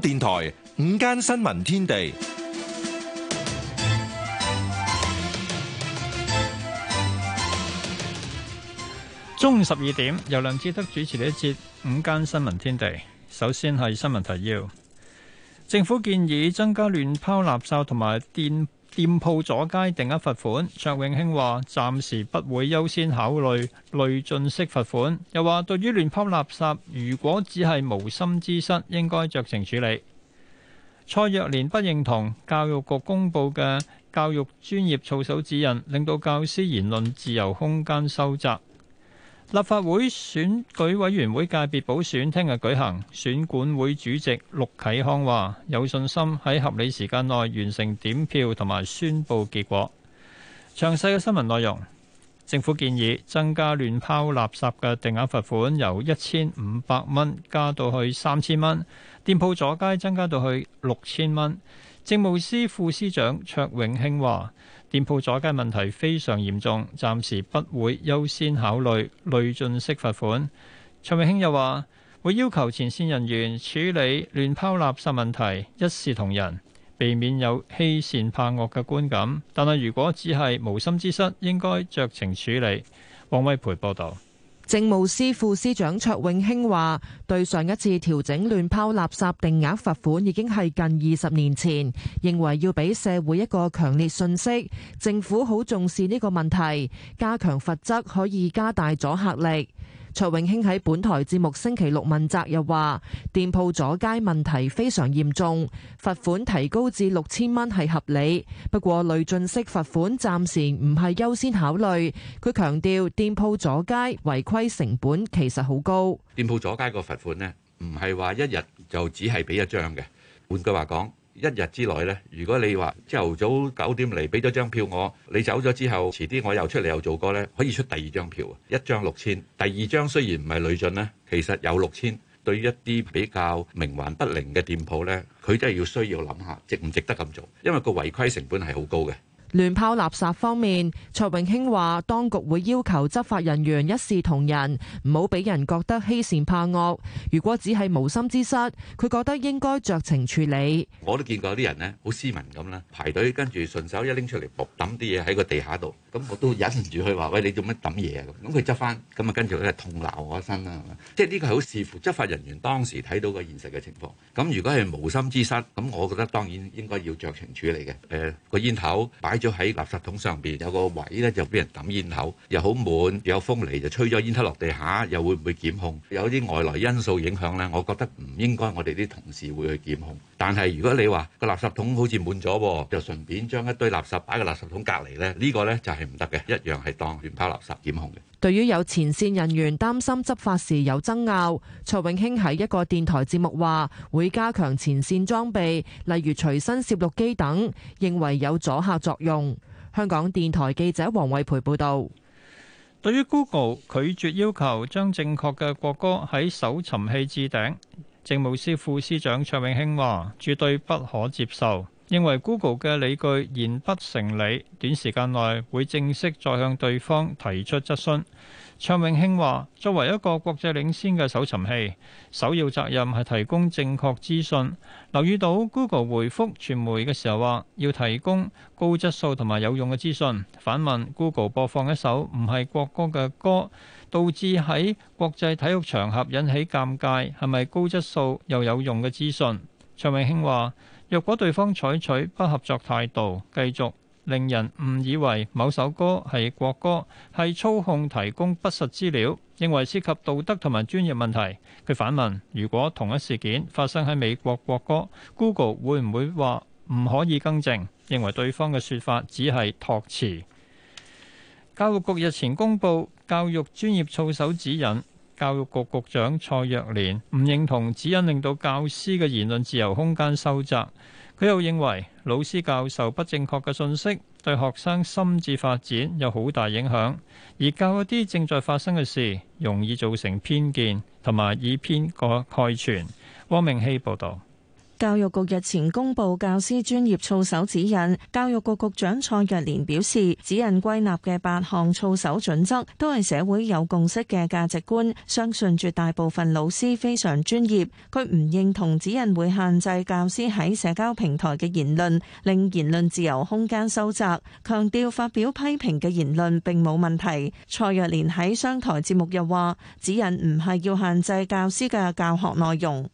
電台午間新聞天地，中午十二點由梁志德主持呢一節午間新聞天地。首先係新聞提要，政府建議增加亂拋垃圾同埋電店鋪阻街定額罰款，卓永興話暫時不會優先考慮累進式罰款。又話對於亂拋垃圾，如果只係無心之失，應該酌情處理。蔡若蓮不認同教育局公布嘅教育專業操守指引，令到教師言論自由空間收窄。立法會選舉委員會界別補選聽日舉行，選管會主席陸啟康話：有信心喺合理時間內完成點票同埋宣佈結果。詳細嘅新聞內容，政府建議增加亂拋垃圾嘅定額罰款由一千五百蚊加到去三千蚊，店鋪阻街增加到去六千蚊。政務司副司長卓永興話。店鋪阻街問題非常嚴重，暫時不會優先考慮累進式罰款。卓永興又話：會要求前線人員處理亂拋垃圾問題一視同仁，避免有欺善怕惡嘅觀感。但係如果只係無心之失，應該酌情處理。王偉培報導。政務司副司長卓永興話，對上一次調整亂拋垃圾定額罰款已經係近二十年前，認為要俾社會一個強烈信息，政府好重視呢個問題，加強罰則可以加大阻嚇力。卓永興喺本台節目星期六問責又話，店鋪阻街問題非常嚴重，罰款提高至六千蚊係合理。不過累進式罰款暫時唔係優先考慮。佢強調，店鋪阻街違規成本其實好高。店鋪阻街個罰款呢，唔係話一日就只係俾一張嘅。換句話講。一日之內呢，如果你話朝頭早九點嚟俾咗張票我，你走咗之後，遲啲我又出嚟又做過呢，可以出第二張票一張六千，第二張雖然唔係累進呢，其實有六千。對於一啲比較冥頑不靈嘅店鋪呢，佢真係要需要諗下，值唔值得咁做？因為個違規成本係好高嘅。亂拋垃圾方面，蔡永興話：當局會要求執法人員一視同仁，唔好俾人覺得欺善怕惡。如果只係無心之失，佢覺得應該酌情處理。我都見過有啲人呢，好斯文咁啦，排隊跟住順手一拎出嚟抌啲嘢喺個地下度，咁我都忍唔住去話：喂，你做乜抌嘢啊？咁佢執翻，咁啊跟住佢痛鬧我一身啦。即係呢個係好視乎執法人員當時睇到個現實嘅情況。咁如果係無心之失，咁我覺得當然應該要酌情處理嘅。誒、個煙頭擺咗喺垃圾桶上邊有個位咧，就俾人抌煙頭，又好滿，有風嚟就吹咗煙頭落地下，又會唔會檢控？有啲外來因素影響呢，我覺得唔應該，我哋啲同事會去檢控。但係如果你話個垃圾桶好似滿咗喎，就順便將一堆垃圾擺個垃圾桶隔離呢，呢、呢個呢就係唔得嘅，一樣係當亂拋垃圾檢控嘅。對於有前線人員擔心執法時有爭拗，卓永興喺一個電台節目話會加強前線裝備，例如隨身攝錄機等，認為有阻嚇作用。香港電台記者王惠培報導。對於 Google 拒絕要求將正確嘅國歌喺搜尋器置頂，政務司副司長卓永興話絕對不可接受。認為 Google 嘅理據言不成理，短時間內會正式再向對方提出質詢。卓永興話，作為一個國際領先嘅搜尋器，首要責任係提供正確資訊。留意到 Google 回覆傳媒嘅時候話，要提供高質素同埋有用嘅資訊。反問 Google 播放一首唔係國歌嘅歌，導致喺國際體育場合引起尷尬，係咪高質素又有用嘅資訊？卓永興話。若果對方採取不合作態度，繼續令人誤以為某首歌係國歌，係操控提供不實資料，認為涉及道德同埋專業問題，佢反問：如果同一事件發生喺美國國歌，Google 會唔會話唔可以更正？認為對方嘅説法只係託詞。教育局日前公布教育專業操守指引。教育局局長蔡若蓮唔認同，指引令到教師嘅言論自由空間收窄。佢又認為，老師教授不正確嘅信息，對學生心智發展有好大影響。而教一啲正在發生嘅事，容易造成偏見，同埋以偏概全。汪明希報道。教育局日前公布教師專業操守指引，教育局局長蔡若蓮表示，指引歸納嘅八項操守準則都係社會有共識嘅價值觀，相信絕大部分老師非常專業。佢唔認同指引會限制教師喺社交平台嘅言論，令言論自由空間收窄。強調發表批評嘅言論並冇問題。蔡若蓮喺商台節目又話，指引唔係要限制教師嘅教學內容。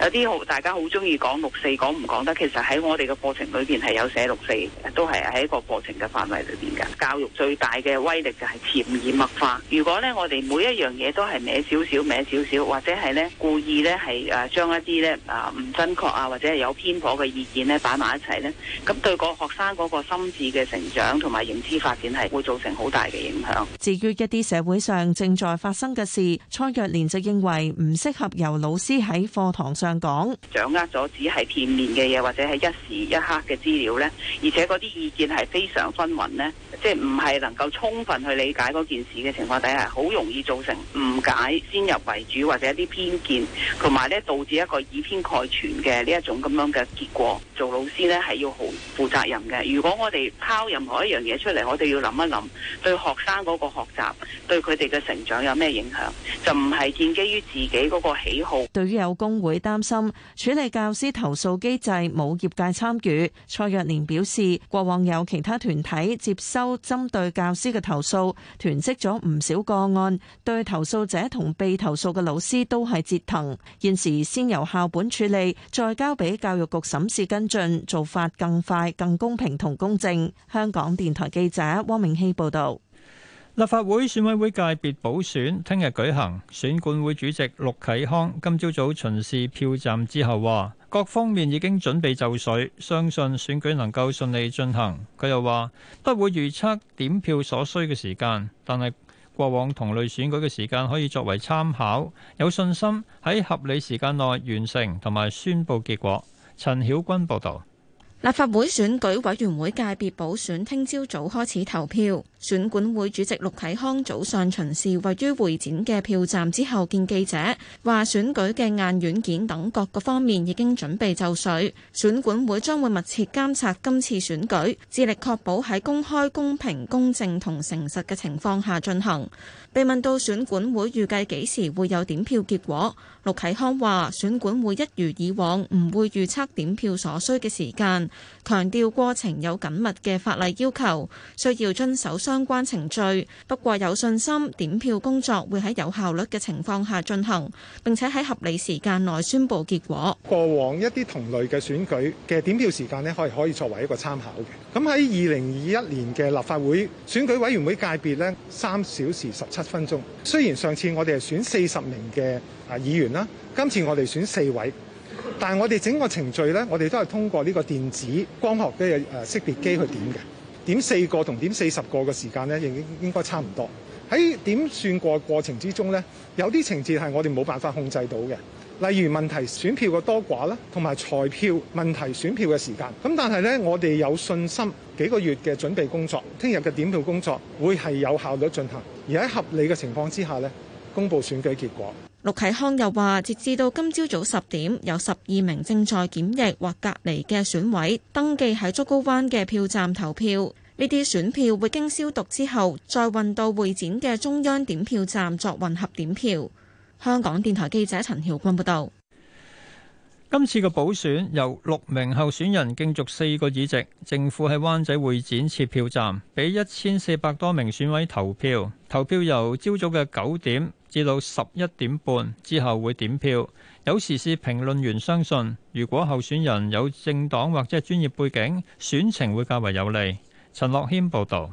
有啲好大家好中意。講六四講唔講得？其實喺我哋嘅課程裏邊係有寫六四，都係喺一個課程嘅範圍裏邊嘅。教育最大嘅威力就係潛移默化。如果呢，我哋每一樣嘢都係歪少少、歪少少，或者係呢故意呢係誒將一啲呢啊唔準確啊或者係有偏頗嘅意見呢擺埋一齊呢，咁對個學生嗰個心智嘅成長同埋認知發展係會造成好大嘅影響。至於一啲社會上正在發生嘅事，蔡若蓮就認為唔適合由老師喺課堂上講，掌握咗只係片面嘅嘢，或者係一時一刻嘅資料咧，而且嗰啲意見係非常紛紜咧，即係唔係能夠充分去理解嗰件事嘅情況底下，好容易造成誤解、先入為主或者一啲偏見同埋咧導致一個以偏概全嘅呢一種咁樣嘅結果。做老師咧係要好負責任嘅。如果我哋拋任何一樣嘢出嚟，我哋要諗一諗對學生嗰個學習、對佢哋嘅成長有咩影響，就唔係建基於自己嗰個喜好。對於有工會擔心處理教之投訴機制冇業界參與，蔡若蓮表示，過往有其他團體接收針對教師嘅投訴，囤積咗唔少個案，對投訴者同被投訴嘅老師都係折騰。現時先由校本處理，再交俾教育局審視跟進，做法更快、更公平同公正。香港電台記者汪明希報導。立法會選委會界別補選聽日舉行，選管會主席陸啟康今朝早巡視票站之後話，各方面已經準備就緒，相信選舉能夠順利進行。佢又話不會預測點票所需嘅時間，但係過往同類選舉嘅時間可以作為參考，有信心喺合理時間內完成同埋宣佈結果。陳曉君報導。立法會選舉委員會界別補選聽朝早開始投票，選管會主席陸啟康早上巡視位於會展嘅票站之後見記者，話選舉嘅硬軟件等各個方面已經準備就緒，選管會將會密切監察今次選舉，致力確保喺公開、公平、公正同誠實嘅情況下進行。被問到選管會預計幾時會有點票結果，陸啟康話：選管會一如以往唔會預測點票所需嘅時間。強調過程有緊密嘅法例要求，需要遵守相關程序。不過有信心點票工作會喺有效率嘅情況下進行，並且喺合理時間內宣佈結果。過往一啲同類嘅選舉嘅點票時間呢，可以作為一個參考嘅。咁喺二零二一年嘅立法會選舉委員會界別呢，三小時十七分鐘。雖然上次我哋係選四十名嘅啊議員啦，今次我哋選四位。但係我哋整個程序咧，我哋都係通過呢個電子光學機嘅誒識別機去點嘅，點四個同點四十個嘅時間咧，應應該差唔多。喺點算過過程之中咧，有啲情節係我哋冇辦法控制到嘅，例如問題選票嘅多寡啦，同埋裁票問題選票嘅時間，咁，但係咧，我哋有信心幾個月嘅準備工作，聽日嘅點票工作會係有效率進行，而喺合理嘅情況之下咧，公布選舉結果。陸啟康又話，截至到今朝早十點，有十二名正在檢疫或隔離嘅選委登記喺竹篙灣嘅票站投票。呢啲選票會經消毒之後，再運到會展嘅中央點票站作混合點票。香港電台記者陳曉君報道。今次嘅補選由六名候選人競逐四個議席。政府喺灣仔會展設票站，俾一千四百多名選委投票。投票由朝早嘅九點。至到十一點半之後會點票，有時事評論員相信，如果候選人有政黨或者係專業背景，選情會較為有利。陳樂軒報導。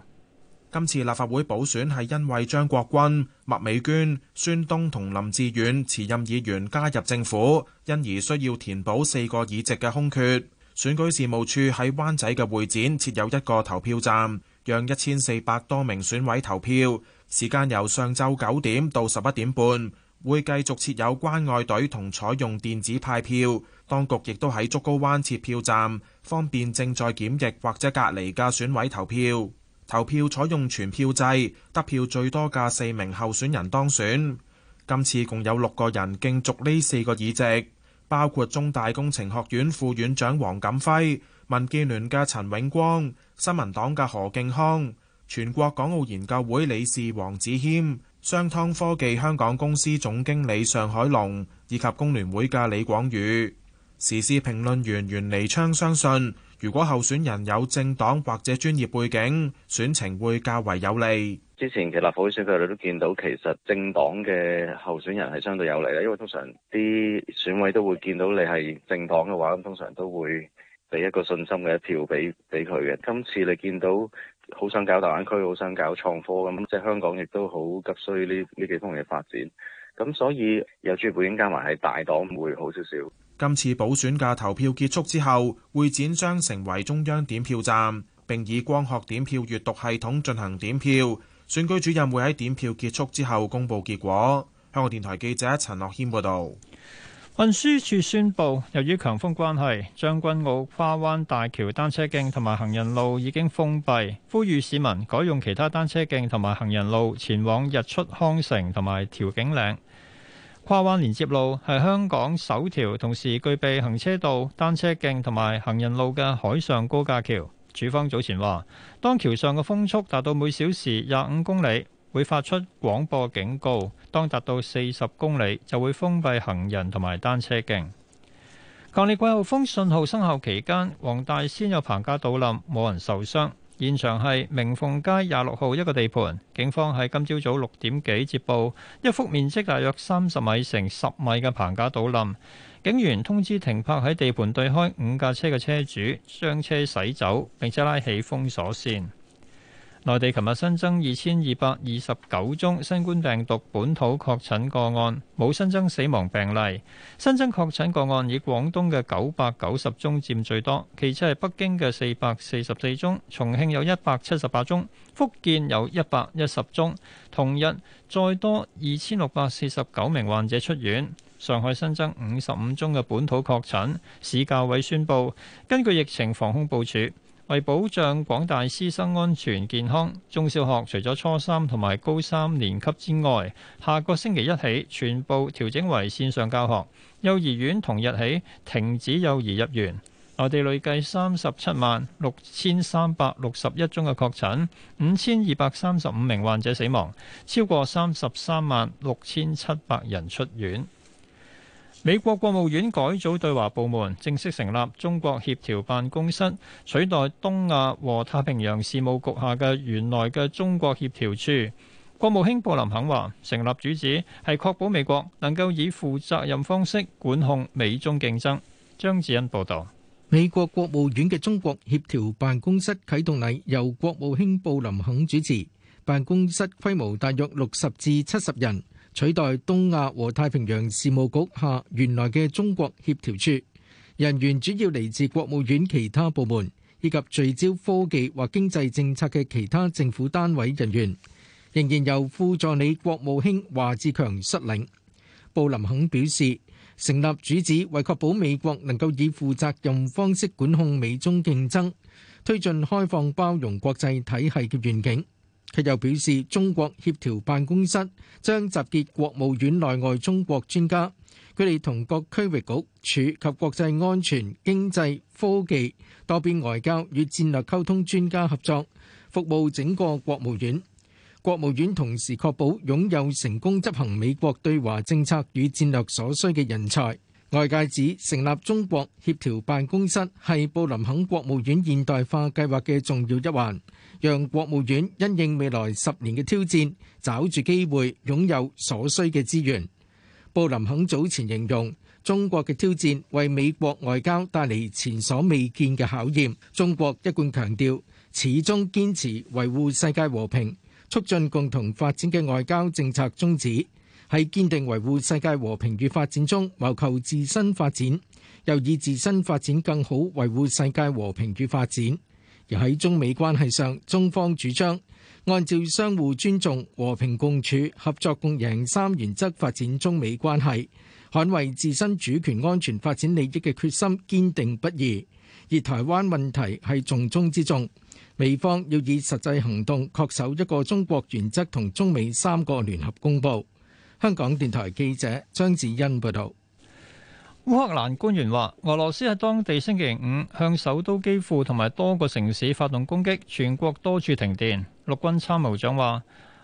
今次立法會補選係因為張國軍、麥美娟、孫東同林志遠辭任議員加入政府，因而需要填補四個議席嘅空缺。選舉事務處喺灣仔嘅會展設有一個投票站，讓一千四百多名選委投票。時間由上晝九點到十一點半，會繼續設有關愛隊同採用電子派票。當局亦都喺竹篙灣設票站，方便正在檢疫或者隔離嘅選委投票。投票採用全票制，得票最多嘅四名候選人當選。今次共有六個人競逐呢四個議席，包括中大工程學院副院長黃錦輝、民建聯嘅陳永光、新民黨嘅何敬康。全國港澳研究會理事黃子謙、商湯科技香港公司總經理尚海龍，以及工聯會嘅李廣宇。時事評論員袁利昌相信，如果候選人有政黨或者專業背景，選情會較為有利。之前，其實，立法會選舉，你都見到，其實，政黨嘅候選人係相對有利。因為通常，啲選委都會見到你係政黨嘅話，咁通常都會，俾一個信心嘅一票，俾，俾佢嘅。今次，你見到，好想搞大灣區，好想搞創科咁，即係香港亦都好急需呢呢幾方面嘅發展。咁所以有專業背景加埋係大黨會好少少。今次補選嘅投票結束之後，會展將成為中央點票站，並以光學點票閲讀系統進行點票。選舉主任會喺點票結束之後公佈結果。香港電台記者陳樂軒報導。運輸署宣布，由於強風關係，將軍澳跨灣大橋單車徑同埋行人路已經封閉，呼籲市民改用其他單車徑同埋行人路前往日出康城同埋調景嶺。跨灣連接路係香港首條同時具備行車道、單車徑同埋行人路嘅海上高架橋。署方早前話，當橋上嘅風速達到每小時廿五公里。會發出廣播警告，當達到四十公里就會封閉行人同埋單車徑。強烈季候風信號生效期間，黃大仙有棚架倒冧，冇人受傷。現場係明鳳街廿六號一個地盤，警方喺今朝早六點幾接報，一幅面積大約三十米乘十米嘅棚架倒冧。警員通知停泊喺地盤對開五架車嘅車主，將車駛走，並且拉起封鎖線。內地琴日新增二千二百二十九宗新冠病毒本土確診個案，冇新增死亡病例。新增確診個案以廣東嘅九百九十宗佔最多，其次係北京嘅四百四十四宗，重慶有一百七十八宗，福建有一百一十宗。同日再多二千六百四十九名患者出院。上海新增五十五宗嘅本土確診，市教委宣布，根據疫情防控部署。為保障廣大師生安全健康，中小學除咗初三同埋高三年級之外，下個星期一起全部調整為線上教學。幼兒園同日起停止幼兒入園。內地累計三十七萬六千三百六十一宗嘅確診，五千二百三十五名患者死亡，超過三十三萬六千七百人出院。美國國務院改組對華部門，正式成立中國協調辦公室，取代東亞和太平洋事務局下嘅原來嘅中國協調處。國務卿布林肯話：成立主旨係確保美國能夠以負責任方式管控美中競爭。張智恩報導。美國國務院嘅中國協調辦公室啟動禮由國務卿布林肯主持，辦公室規模大約六十至七十人。取代東亞和太平洋事務局下原來嘅中國協調處人員，主要嚟自國務院其他部門，以及聚焦科技或經濟政策嘅其他政府單位人員，仍然由副助理國務卿華志強率領。布林肯表示，成立主旨為確保美國能夠以負責任方式管控美中競爭，推進開放包容國際體系嘅願景。佢又表示，中國協調辦公室將集結國務院內外中國專家，佢哋同各區域局處及國際安全、經濟、科技、多邊外交與戰略溝通專家合作，服務整個國務院。國務院同時確保擁有成功執行美國對華政策與戰略所需嘅人才。外界指成立中國協調辦公室係布林肯國務院現代化計劃嘅重要一環，讓國務院因應未來十年嘅挑戰，找住機會擁有所需嘅資源。布林肯早前形容，中國嘅挑戰為美國外交帶嚟前所未見嘅考驗。中國一貫強調，始終堅持維護世界和平、促進共同發展嘅外交政策宗旨。喺堅定維護世界和平與發展中謀求自身發展，又以自身發展更好維護世界和平與發展。而喺中美關係上，中方主張按照相互尊重、和平共處、合作共贏三原則發展中美關係，捍衛自身主權安全發展利益嘅決心堅定不移。而台灣問題係重中之重，美方要以實際行動恪守一個中國原則同中美三個聯合公佈。香港電台記者張子欣報道：烏克蘭官員話，俄羅斯喺當地星期五向首都基輔同埋多個城市發動攻擊，全國多處停電。陸軍參謀長話，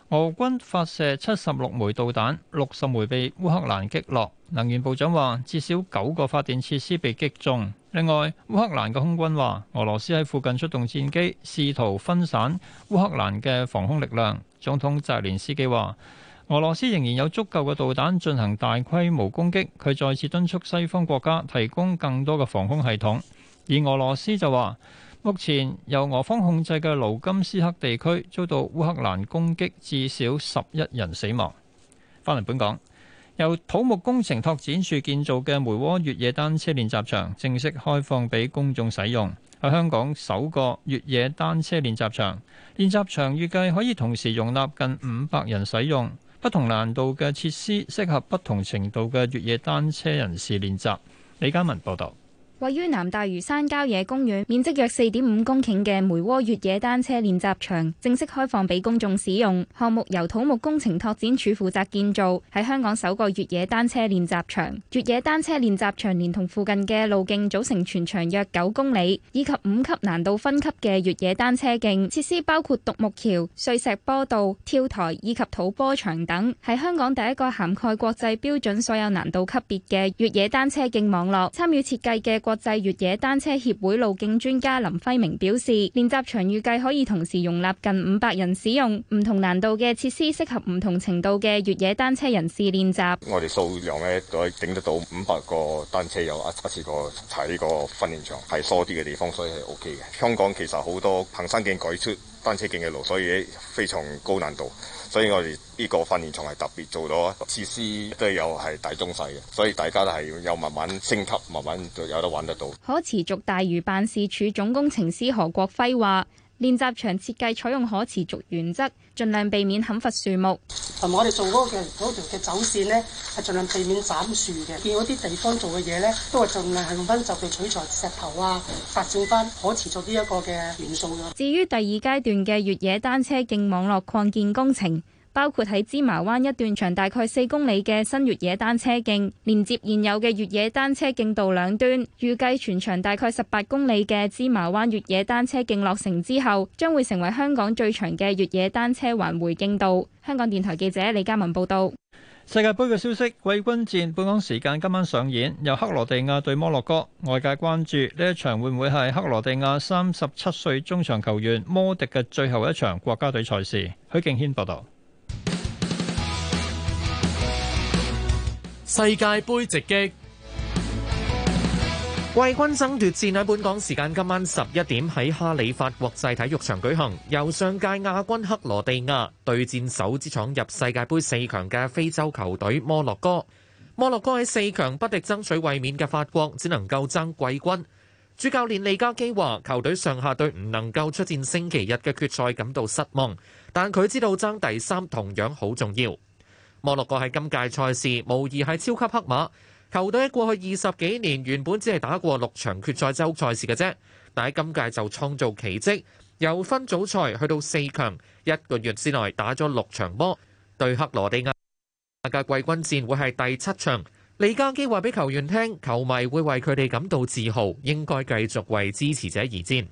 俄軍發射七十六枚導彈，六十枚被烏克蘭擊落。能源部長話，至少九個發電設施被擊中。另外，烏克蘭嘅空軍話，俄羅斯喺附近出動戰機，試圖分散烏克蘭嘅防空力量。總統澤連斯基話。俄羅斯仍然有足夠嘅導彈進行大規模攻擊，佢再次敦促西方國家提供更多嘅防空系統。而俄羅斯就話，目前由俄方控制嘅盧金斯克地區遭到烏克蘭攻擊，至少十一人死亡。翻嚟本港，由土木工程拓展署建造嘅梅窩越野單車練習場正式開放俾公眾使用，喺香港首個越野單車練習場。練習場預計可以同時容納近五百人使用。不同難度嘅設施適合不同程度嘅越野單車人士練習。李嘉文報道。位於南大嶼山郊野公園，面積約四點五公頃嘅梅窩越野單車練習場正式開放俾公眾使用。項目由土木工程拓展署負責建造，喺香港首個越野單車練習場。越野單車練習場連同附近嘅路徑組成全長約九公里，以及五級難度分級嘅越野單車徑。設施包括獨木橋、碎石波道、跳台以及土波場等，係香港第一個涵蓋國際標準所有難度級別嘅越野單車徑網絡。參與設計嘅國國際越野單車協會路徑專家林輝明表示，練習場預計可以同時容納近五百人使用唔同難度嘅設施，適合唔同程度嘅越野單車人士練習。我哋數量都可以頂得到五百個單車友一一次過踩個踩呢個訓練場，係疏啲嘅地方，所以係 O K 嘅。香港其實好多行山徑改出單車徑嘅路，所以非常高難度。所以我哋呢個訓練場係特別做到，設施都有係大中細嘅，所以大家都係要慢慢升級，慢慢就有得玩得到。可持續大嶼辦事處總工程師何國輝話。練習場設計採用可持續原則，盡量避免砍伐樹木。同埋我哋做嗰個嘅條嘅走線呢，係盡量避免斬樹嘅。見嗰啲地方做嘅嘢呢，都係盡量係用翻就地取材石頭啊，發展翻可持續呢一個嘅元素嘅。至於第二階段嘅越野單車徑網絡擴建工程。包括喺芝麻灣一段長大概四公里嘅新越野單車徑，連接現有嘅越野單車徑道兩端，預計全長大概十八公里嘅芝麻灣越野單車徑落成之後，將會成為香港最長嘅越野單車環回徑道。香港電台記者李嘉文報道。世界杯嘅消息，季軍戰本港時間今晚上演，由克羅地亞對摩洛哥。外界關注呢一場會唔會係克羅地亞三十七歲中場球員摩迪嘅最後一場國家隊賽事。許敬軒報道。世界杯直擊，季軍爭奪戰喺本港時間今晚十一點喺哈里法國際體育場舉行，由上屆亞軍克羅地亞對戰首支闖入世界杯四強嘅非洲球隊摩洛哥。摩洛哥喺四強不敵爭取衛冕嘅法國，只能夠爭季軍。主教練利加基話，球隊上下對唔能夠出戰星期日嘅決賽感到失望，但佢知道爭第三同樣好重要。摩洛哥喺今屆賽事無疑係超級黑馬，球隊喺過去二十幾年原本只係打過六場決賽周賽事嘅啫，但喺今屆就創造奇跡，由分組賽去到四強，一個月之內打咗六場波。對克羅地亞嘅季軍戰會係第七場。李加基話俾球員聽，球迷會為佢哋感到自豪，應該繼續為支持者而戰。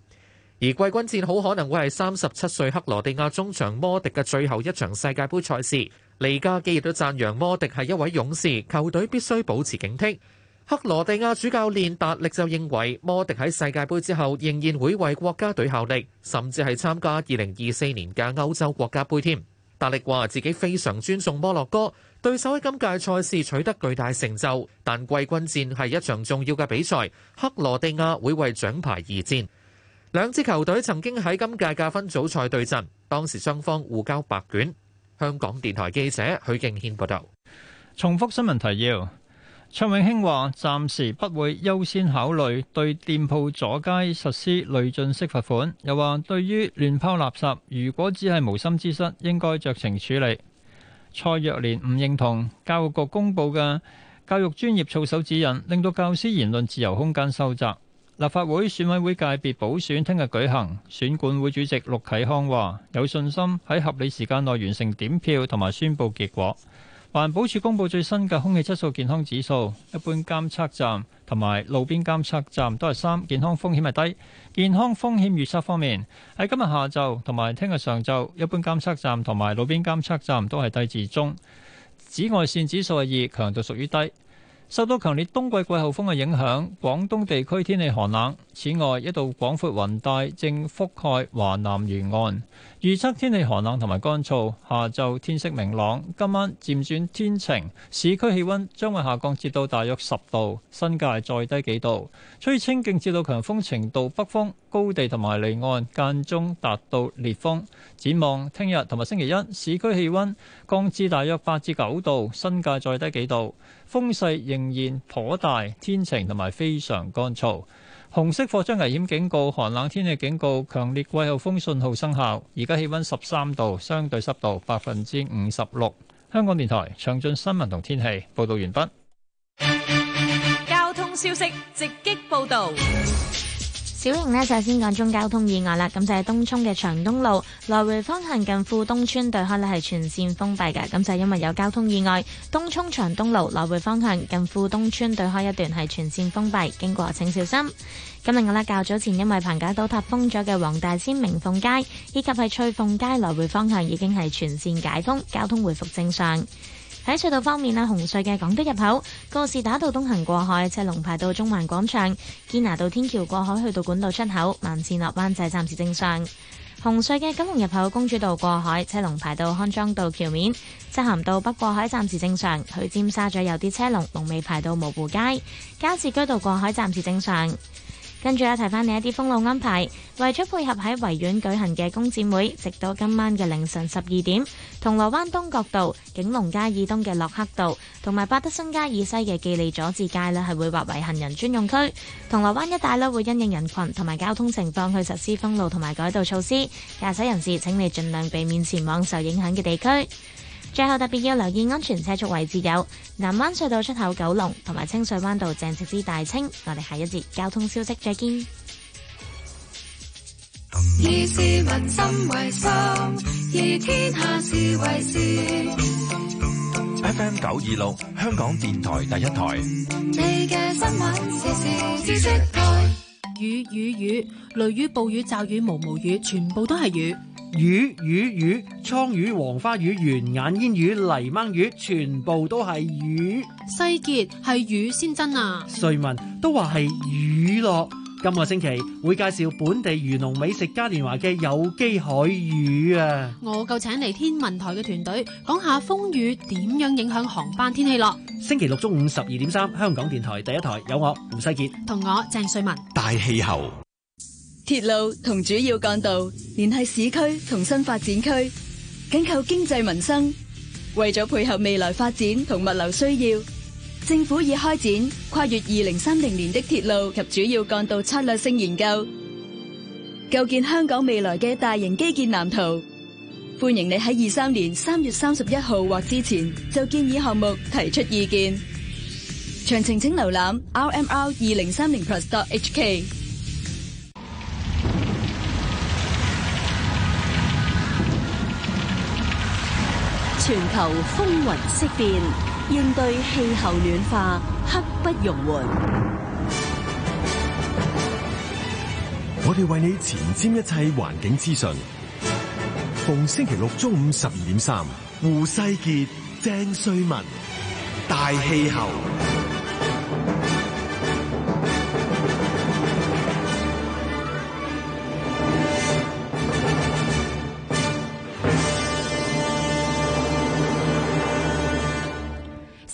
而季軍戰好可能會係三十七歲克羅地亞中場摩迪嘅最後一場世界杯賽事。利加基亦都贊揚摩迪係一位勇士，球隊必須保持警惕。克羅地亞主教練達力就認為，摩迪喺世界盃之後仍然會為國家隊效力，甚至係參加二零二四年嘅歐洲國家盃添。達力話自己非常尊重摩洛哥，對手喺今屆賽事取得巨大成就，但季軍戰係一場重要嘅比賽，克羅地亞會為獎牌而戰。兩支球隊曾經喺今屆嘅分組賽對陣，當時雙方互交白卷。香港電台記者許敬軒報道。重複新聞提要：卓永興話，暫時不會優先考慮對店鋪阻街實施累進式罰款。又話，對於亂拋垃圾，如果只係無心之失，應該酌情處理。蔡若蓮唔認同教育局公布嘅教育專業操守指引，令到教師言論自由空間收窄。立法會選委會界別補選聽日舉行，選管會主席陸啟康話有信心喺合理時間內完成點票同埋宣布結果。環保署公布最新嘅空氣質素健康指數，一般監測站同埋路邊監測站都係三，健康風險係低。健康風險預測方面，喺今日下晝同埋聽日上晝，一般監測站同埋路邊監測站都係低至中。紫外線指數係二，強度屬於低。受到強烈冬季季候風嘅影響，廣東地區天氣寒冷。此外，一道廣闊雲帶正覆蓋華南沿岸。預測天氣寒冷同埋乾燥，下晝天色明朗，今晚漸轉天晴，市區氣温將會下降至到大約十度，新界再低幾度，吹清勁至到強風程度，北風，高地同埋離岸間中達到烈風。展望聽日同埋星期一，市區氣温降至大約八至九度，新界再低幾度，風勢仍然頗大，天晴同埋非常乾燥。紅色火災危險警告，寒冷天氣警告，強烈季候風信號生效。而家氣溫十三度，相對濕度百分之五十六。香港電台詳盡新聞同天氣報道完畢。交通消息直擊報道。小型咧，首先講中交通意外啦。咁就係、是、東涌嘅長東路來回方向近富東村對開呢係全線封閉嘅，咁就是、因為有交通意外。東涌長東路來回方向近富東村對開一段係全線封閉，經過請小心。咁另外咧，較早前因為棚架倒塌封咗嘅黃大仙明鳳街以及係翠鳳街來回方向已經係全線解封，交通回復正常。喺隧道方面啊，紅隧嘅港德入口，告士打道東行過海，車龍排到中環廣場，堅拿道天橋過海去到管道出口，慢綫落灣仔暫時正常。紅隧嘅九龍入口，公主道過海，車龍排到康莊道橋面，漆咸道北過海暫時正常，去尖沙咀有啲車龍，龍尾排到蕪湖街，加士居道過海暫時正常。跟住咧，提翻你一啲封路安排，為咗配合喺維園舉行嘅工展會，直到今晚嘅凌晨十二點，銅鑼灣東角道、景隆街以東嘅洛克道，同埋百德新街以西嘅記利佐治街呢，係會劃為行人專用區。銅鑼灣一帶呢會因應人群同埋交通情況去實施封路同埋改道措施，駕駛人士請你盡量避免前往受影響嘅地區。最後特別要留意安全車速位置有南灣隧道出口九龍、九龍同埋清水灣道鄭哲之大清。我哋下一節交通消息再見。以市民心為心，以天下事為事。 FM 九二六，香港電台第一台。 你嘅新聞時事知識台。雨雨雨，雷雨、暴雨、驟雨、毛毛雨，全部都係雨。魚魚魚，鯧魚、黃花魚、圓眼煙魚、泥猛魚，全部都係魚。西杰係魚先真啊！瑞文都話係魚咯。今、這個星期會介紹本地漁農美食嘉年華嘅有機海魚啊！我就請嚟天文台嘅團隊講下風雨點樣影響航班天氣咯。星期六中午十二點三，3，香港電台第一台有我，胡西杰同我，鄭瑞文。大氣候。鐵路同主要幹道聯繫市區同新發展區，緊扣經濟民生。為咗配合未來發展同物流需要，政府已開展跨越二零三零年的鐵路及主要幹道策略性研究，構建香港未來嘅大型基建藍圖。歡迎你喺二三年三月三十一號或之前就建議項目提出意見。詳情請瀏覽 RMR 二零三零 Plus 點 HK。全球風雲色變，應對氣候暖化，刻不容緩。我哋為你前瞻一切環境資訊，逢星期六中午十二點三，胡世傑、鄭瑞文，大氣候。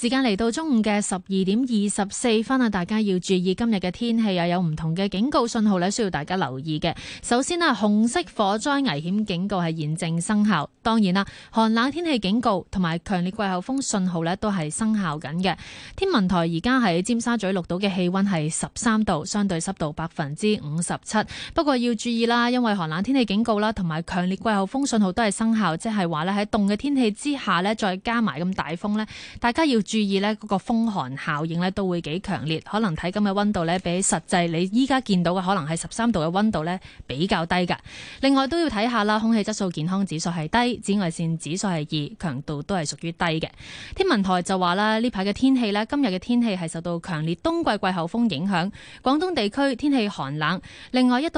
時間嚟到中午嘅十二點二十四分啊！大家要注意今日嘅天氣又有唔同嘅警告信號呢，需要大家留意嘅。首先咧，紅色火災危險警告係現正生效。當然啦，寒冷天氣警告同埋強烈季候風信號呢都係生效緊嘅。天文台而家喺尖沙咀錄到嘅氣溫係十三度，相對濕度百分之五十七。不過要注意啦，因為寒冷天氣警告啦，同埋強烈季候風信號都係生效，即係話咧喺凍嘅天氣之下呢，再加埋咁大風呢，大家要注注意呢個風寒效應呢都會幾強烈，可能體感嘅温度呢，比實際你依家見到嘅可能係十三度嘅温度呢，比較低㗎。另外都要睇下啦，空氣質素健康指數係低，紫外線指數係二，強度都係屬於低嘅。天文台就話啦，呢排嘅天氣呢，今日嘅天氣係受到強烈冬季季候風影響，廣東地區天氣寒冷，另外一。